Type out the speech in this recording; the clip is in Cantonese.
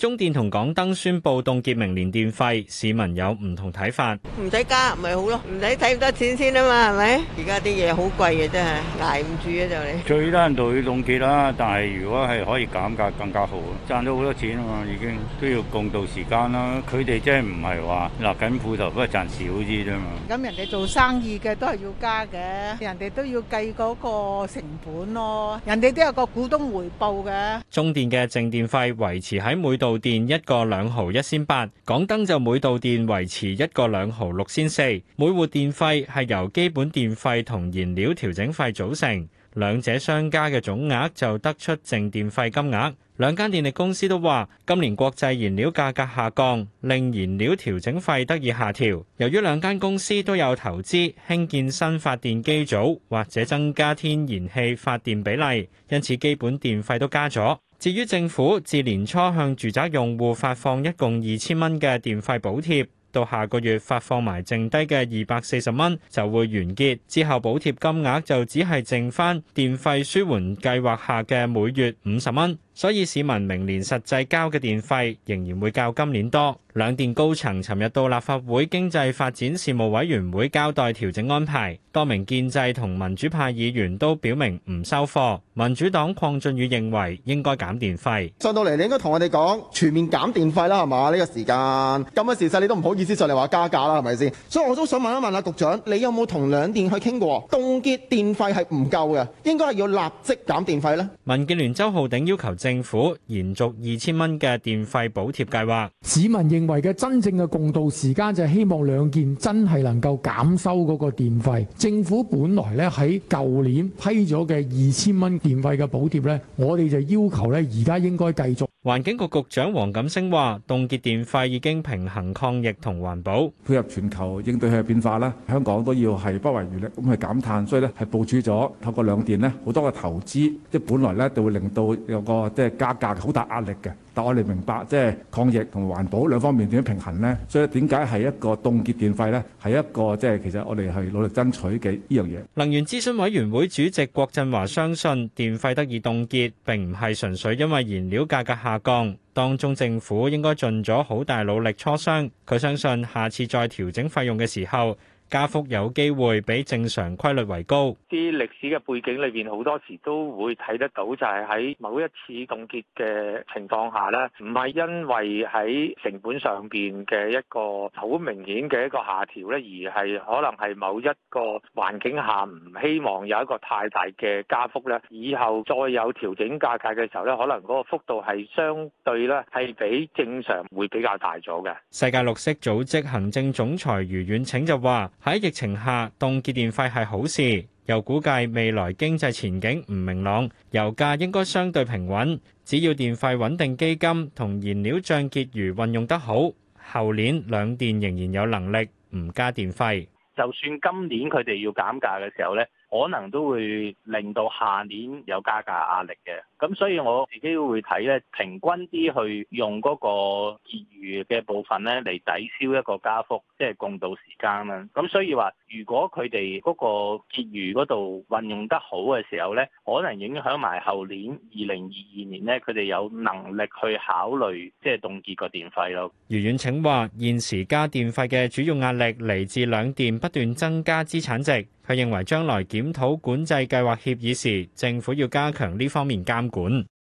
中電同港燈宣布凍結明年電費，市民有唔同睇法。唔使加咪好咯，唔使睇咁多錢先啊嘛，係咪？而家啲嘢好貴啊，真係捱唔住啊，就你。最低限度要凍結啦，但係如果係可以減價，更加好啊！賺咗好多錢啊嘛，已經都要共度時間啦。佢哋即係唔係話勒緊褲頭，不過賺少啲啫嘛。咁人哋做生意嘅都係要加嘅，人哋都要計嗰個成本咯，人哋都有個股東回報嘅。中電嘅淨電費維持喺每度。度電一個兩毫一仙八，港燈就每度電維持一個兩毫六仙四。每戶電費係由基本電費同燃料調整費組成，兩者相加嘅總額就得出淨電費金額。兩間電力公司都話，今年國際燃料價格下降，令燃料調整費得以下調。由於兩間公司都有投資興建新發電機組或者增加天然氣發電比例，因此基本電費都加咗。至於政府自年初向住宅用戶發放一共二千蚊嘅電費補貼，到下個月發放埋剩低嘅二百四十蚊，就會完結。之後補貼金額就只係剩返電費紓緩計劃下嘅每月五十蚊。所以市民明年實際交嘅電費仍然會較今年多。兩電高層尋日到立法會經濟發展事務委員會交代調整安排，多名建制同民主派議員都表明唔收貨。民主黨鄺俊宇認為應該減電費，上到嚟你應該同我哋講全面減電費啦，係嘛？呢個時間，咁嘅時勢你都唔好意思上嚟話加價啦，係咪先？所以我都想問一問阿局長，你有冇同兩電去傾過凍結電費係唔夠嘅，應該係要立即減電費咧。民建聯周浩鼎要求政府延續二千蚊嘅電費補貼計劃，市民認為嘅真正嘅共渡時間就係希望兩電真係能夠減收嗰個電費。政府本來咧喺舊年批咗嘅二千蚊電費嘅補貼咧，我哋就要求咧而家應該繼續。環境局局長黃錦星話：凍結電費已經平衡抗疫同環保，配合全球應對佢嘅變化啦。香港都要係不遺餘力咁去減碳，所以咧係部署咗透過兩電呢好多嘅投資，即本來咧就會令到有個。即係價格好大壓力嘅，但我哋明白即係抗疫同環保兩方面點樣平衡呢？所以點解係一個凍結電費呢？係一個即係其實我哋係努力爭取嘅呢樣嘢。能源諮詢委員會主席郭振華相信電費得以凍結並唔係純粹因為燃料價格下降，當中政府應該盡咗好大努力磋商。佢相信下次再調整費用嘅時候，加幅有機會比正常規律為高。啲歷史嘅背景裏邊，好多時都會睇得到，就係喺某一次凍結嘅情況下呢，唔係因為喺成本上邊嘅一個好明顯嘅一個下調呢，而係可能係某一個環境下唔希望有一個太大嘅加幅呢，以後再有調整價格嘅時候呢，可能嗰個幅度係相對呢係比正常會比較大咗嘅。世界綠色組織行政總裁余遠晴就話。喺疫情下凍結電費係好事，又估計未來經濟前景唔明朗，油價應該相對平穩。只要電費穩定基金同燃料賬結餘運用得好，後年兩電仍然有能力唔加電費。就算今年佢哋要減價嘅時候咧，可能都會令到下年有加價壓力嘅，咁所以我自己會睇咧，平均啲去用嗰個結餘嘅部分咧嚟抵消一個加幅，即係共度時間啦。咁所以話，如果佢哋嗰個結餘嗰度運用得好嘅時候咧，可能影響埋後年二零二二年咧，佢哋有能力去考慮即係凍結個電費咯。余遠騁話：現時加電費嘅主要壓力嚟自兩電不斷增加資產值。佢認為將來檢討管制計劃協議時，政府要加強呢方面監管。